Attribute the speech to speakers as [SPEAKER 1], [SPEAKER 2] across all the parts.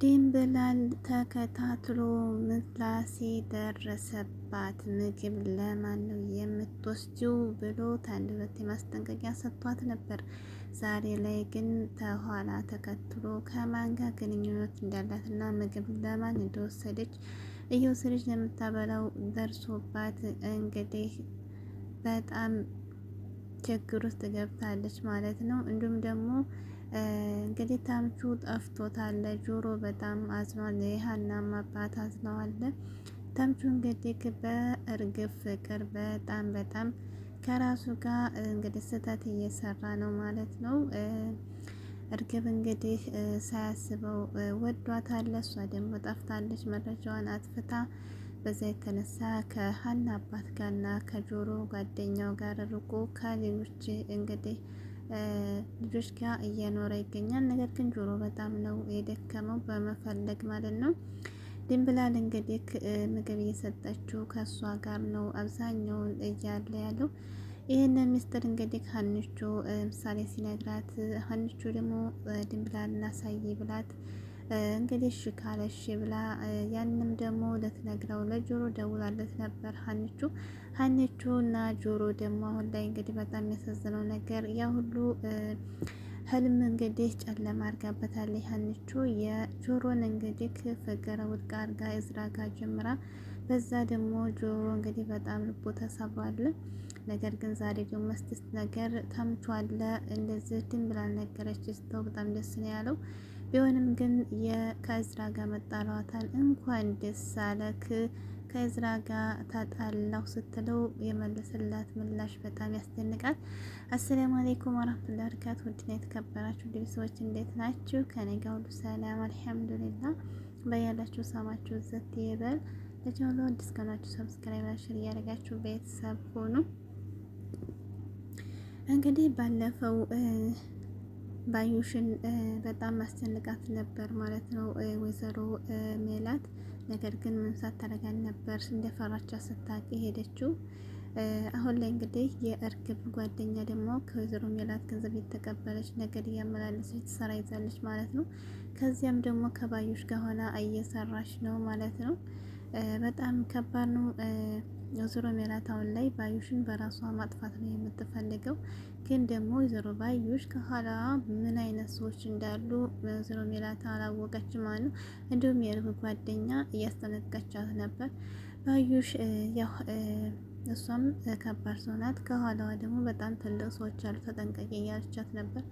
[SPEAKER 1] ድንብላል ተከታትሎ ምላሴ ደረሰባት። ምግብ ለማን ነው የምትወስጂው ብሎ አንድ የማስጠንቀቂያ ሰጥቷት ነበር። ዛሬ ላይ ግን ተኋላ ተከትሎ ከማን ጋር ግንኙነት እንዳላትና ምግብ ለማን እንደወሰደች እየወሰደች ለምታበላው ደርሶባት እንግዲህ በጣም ችግር ውስጥ ገብታለች ማለት ነው። እንዲሁም ደግሞ እንግዲህ ታምቹ ጠፍቶታል። ጆሮ በጣም አዝኗል። የሀናም አባት አዝነዋል። ታምቹ እንግዲህ በእርግብ ፍቅር በጣም በጣም ከራሱ ጋር እንግዲህ ስህተት እየሰራ ነው ማለት ነው። እርግብ እንግዲህ ሳያስበው ወዷታል። እሷ ደግሞ ጠፍታለች፣ መረጃዋን አጥፍታ በዛ የተነሳ ከሀና አባት ጋርና ከጆሮ ጓደኛው ጋር ርቆ ከሌሎች እንግዲህ ልጆች ጋር እየኖረ ይገኛል። ነገር ግን ጆሮ በጣም ነው የደከመው በመፈለግ ማለት ነው። ድንብላል እንግዲህ ምግብ እየሰጠችው ከእሷ ጋር ነው አብዛኛውን እያለ ያለው። ይህንን ሚስጥር እንግዲህ ሀንቹ ምሳሌ ሲነግራት ሀንቹ ደግሞ ድንብላል እናሳይ ብላት እንግዲህ እሺ ካለ እሺ ብላ ያንም ደግሞ ልትነግረው ለጆሮ ደውላለት ነበር ሀኒቹ። ሀኒቹ እና ጆሮ ደግሞ አሁን ላይ እንግዲህ በጣም የሚያሳዝነው ነገር ያ ሁሉ ህልም እንግዲህ ጨለማ አድርጋበታለች ሀኒቹ። የጆሮን እንግዲህ ፍቅር ውድቅ አድርጋ እዝራ ጋር ጀምራ በዛ ደግሞ ጆሮ እንግዲህ በጣም ልቦ ተሰብሯል። ነገር ግን ዛሬ ግን መስድስት ነገር ታምቿለ እንደዚህ ድን ብላ ነገረች። ስተው በጣም ደስ ነው ያለው ቢሆንም ግን ከእዝራ ጋር መጣሏታል። እንኳን ደስ አለክ ከእዝራ ጋር ታጣላሁ ስትለው የመለሰላት ምላሽ በጣም ያስደንቃል። አሰላሙ አሌይኩም ወራህመቱላሂ ወበረካቱህ። ውድና የተከበራችሁ ልዩ ሰዎች እንዴት ናችሁ? ከኔ ጋር ሁሉ ሰላም አልሐምዱሊላ። በያላችሁ ሰማችሁ ዘት ይበል ለቻሉ አዲስ ከሆናችሁ ሰብስክራይብ፣ ሼር እያደረጋችሁ ቤተሰብ ሆኑ። እንግዲህ ባለፈው ባዩሽን በጣም አስጨንቃት ነበር ማለት ነው ወይዘሮ ሜላት። ነገር ግን መንሳት ታደርጋን ነበር እንደፈራቻ ስታቂ ሄደችው። አሁን ላይ እንግዲህ የእርግብ ጓደኛ ደግሞ ከወይዘሮ ሜላት ገንዘብ የተቀበለች ነገር እያመላለሰች ትሰራ ይዛለች ማለት ነው። ከዚያም ደግሞ ከባዩሽ ጋር ሆና እየሰራች ነው ማለት ነው። በጣም ከባድ ነው። ወይዘሮ ሜላት አሁን ላይ ባዩሽን በራሷ ማጥፋት ነው የምትፈልገው። ግን ደግሞ ወይዘሮ ባዩሽ ከኋላ ምን አይነት ሰዎች እንዳሉ ወይዘሮ ሜላት አላወቀች ማለት ነው። እንዲሁም የርብ ጓደኛ እያስጠነቀቻት ነበር ባዩሽ ያው እሷም ከባድ ሰው ናት። ከኋላዋ ደግሞ በጣም ትልቅ ሰዎች አሉ፣ ተጠንቀቂ እያለቻት ነበር።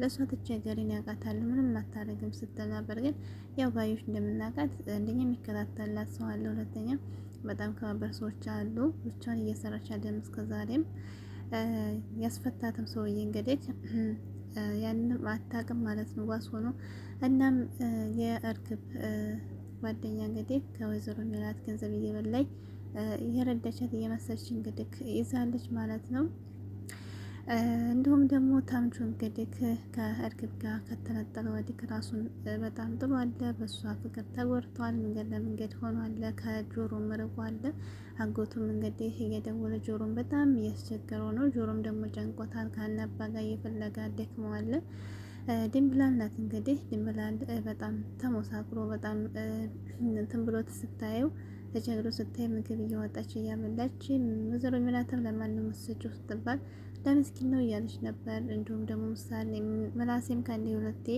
[SPEAKER 1] ለእሷ ትቸገሪን ያውቃታል፣ ምንም አታደርግም ስትል ነበር። ግን ያው ባዮች እንደምናውቃት አንደኛ የሚከታተላት ሰው አለ፣ ሁለተኛ በጣም ከባድ ሰዎች አሉ። ብቻዋን እየሰራች እስከ ዛሬም ያስፈታትም ሰውዬ እንግዲህ ያንም አታውቅም ማለት ነው፣ ዋስ ሆኖ እናም የእርግብ ጓደኛ እንግዲህ ከወይዘሮ ሜላት ገንዘብ እየበላኝ የረዳቻት እየመሰለች እንግዲህ ይዛለች ማለት ነው። እንዲሁም ደግሞ ታምቹ እንግዲህ ከእርግብ ጋር ከተነጠለ ወዲህ ራሱን በጣም ጥሎ አለ። በእሷ ፍቅር ተጎድቷል። መንገድ ለመንገድ ሆኖ አለ። ከጆሮ ርቆ አለ። አጎቱም እንግዲህ እየደወለ ጆሮም በጣም እያስቸገረው ነው። ጆሮም ደግሞ ጨንቆታል። ከአናባ ጋር እየፈለጋ ደክመዋለ። ድንብላል ናት እንግዲህ ድንብላል በጣም ተሞሳቅሎ በጣም እንትን ብሎት ስታየው ተቸግሮ ስታይ ምግብ እያወጣች እያበላች ወይዘሮ ሜላትም ለማንም ወሰችው ስትባል ለምስኪን ነው እያለች ነበር። እንዲሁም ደግሞ ምሳሌ ምላሴም ከአንዴ ሁለቴ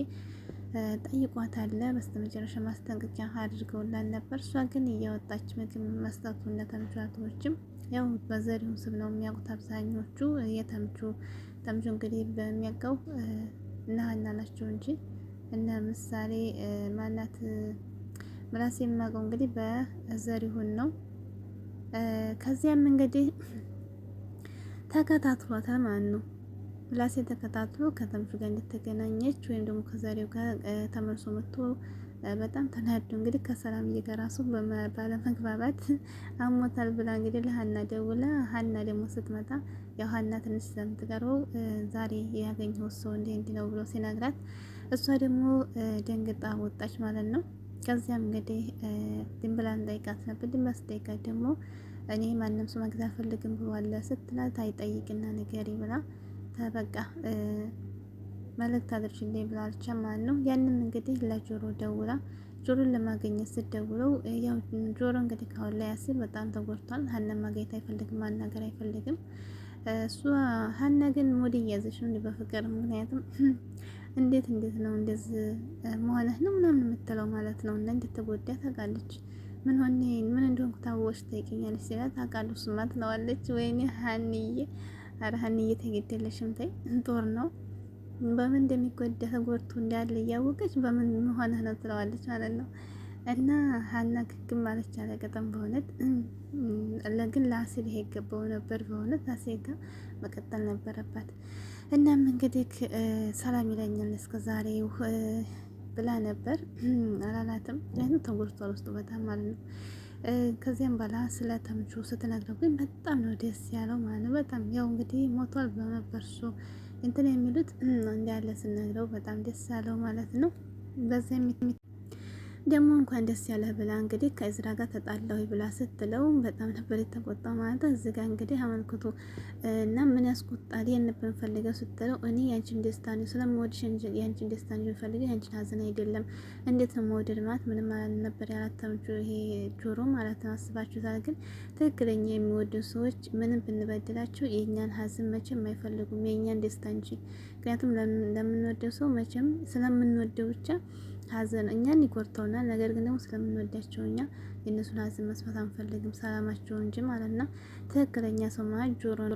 [SPEAKER 1] አለ። በስተመጨረሻ ማስጠንቀቂያ አድርገውላን ነበር። እሷ ግን እያወጣች ምግብ መስጠቱና ተምቹቶችም ያው በዘሪሁን ስም ነው የሚያውቁት አብዛኞቹ። የተምቹ ተምቹ እንግዲህ በሚያውቀው እና ናቸው እንጂ እነ ምሳሌ ማናት ምላስ የማውቀው እንግዲህ በዘሪሁን ነው። ከዚያም እንግዲህ ተከታትሏታል ማለት ነው። ምላሴ ተከታትሎ ከተምቹ ጋር እንደተገናኘች ወይም ደግሞ ከዛሬው ጋር ተመልሶ መጥቶ በጣም ተናዶ እንግዲህ ከሰላምዬ ጋር ራሱ ባለመግባባት አሞታል ብላ እንግዲህ ለሀና ደውላ፣ ሀና ደግሞ ስትመጣ ያው ሀና ትንሽ ስለምትቀርበው ዛሬ ያገኘው ሰው እንዲህ እንዲህ ነው ብሎ ሲነግራት እሷ ደግሞ ደንግጣ ወጣች ማለት ነው። ከዚያም እንግዲህ ድንብላን ጠይቃት ነበር። ድንብላ ስጠይቃት ደግሞ እኔ ማንም ሰው መግዛት ፈልግም ብሏል ስትላት አይጠይቅና ንገሪ ብላ ተበቃ መልእክት አድርሽልኝ ብላለች ማለት ነው። ያንም እንግዲህ ለጆሮ ደውላ ጆሮን ለማገኘት ስደውለው ያው ጆሮ እንግዲህ ካሁን ላይ አሲር በጣም ተጎድቷል። ሀና ማግኘት አይፈልግም፣ ማናገር አይፈልግም። እሷ ሀነ ግን ሙድ እያዘች ነው እንዲህ በፍቅር ምክንያቱም እንዴት እንዴት ነው እንደዚህ መሆንህ ነው ምናምን የምትለው ማለት ነው። እና እንድትጎዳ ታውቃለች። ምን ሆነ ምን እንደሆንኩ ታወቅሽ ትጠይቀኛለች ሲላት ታውቃለች እሱማ ትለዋለች። ወይኔ ሀንዬ፣ ኧረ ሀንዬ ተገደለሽም ተይ ጦር ነው በምን እንደሚጎዳ ተጎድቶ እንዳለ እያወቀች በምን መሆንህ ነው ትለዋለች ማለት ነው። እና ሀና ግግም ማለች አለቀጠም በእውነት ለግን ለአሲል ይሄ ይገባው ነበር። በእውነት አሲል ጋር መቀጠል ነበረባት። እናም እንግዲህ ሰላም ይለኛል እስከ ዛሬው ብላ ነበር አላላትም። ያን ተጎድቷል ውስጡ በጣም ማለት ነው። ከዚያም በኋላ ስለ ተምቹ ስትነግረው ግን በጣም ነው ደስ ያለው ማለት ነው። በጣም ያው እንግዲህ ሞቷል ብሎ ነበር እሱ እንትን የሚሉት እንዳለ ስነግረው በጣም ደስ ያለው ማለት ነው። በዚያ ደግሞ እንኳን ደስ ያለህ ብላ እንግዲህ ከእዝራ ጋር ተጣላሁ ብላ ስትለው በጣም ነበር የተቆጣ ማለት እዚህ ጋር እንግዲህ አመልክቶ እና ምን ያስቆጣል የንብን ፈልገው ስትለው እኔ ያንቺን ደስታ ነው ስለምወድሽ ያንቺን ደስታ ነው ፈልገ ያንቺን ሀዘን አይደለም እንዴት ነው መውደድ ማለት ምንም አልነበር ያላተምቹ ይሄ ጆሮ ማለት ነው አስባችሁታል ግን ትክክለኛ የሚወዱ ሰዎች ምንም ብንበድላቸው የእኛን ሀዘን መቼም አይፈልጉም የእኛን ደስታ እንጂ ምክንያቱም ለምንወደው ሰው መቼም ስለምንወደው ብቻ ሀዘን እኛን ይጎርተውናል። ነገር ግን ደግሞ ስለምንወዳቸው እኛ የእነሱን ሀዘን መስማት አንፈልግም፣ ሰላማቸው እንጂ ማለት ነው። ትክክለኛ ሰው ማለት ጆሮ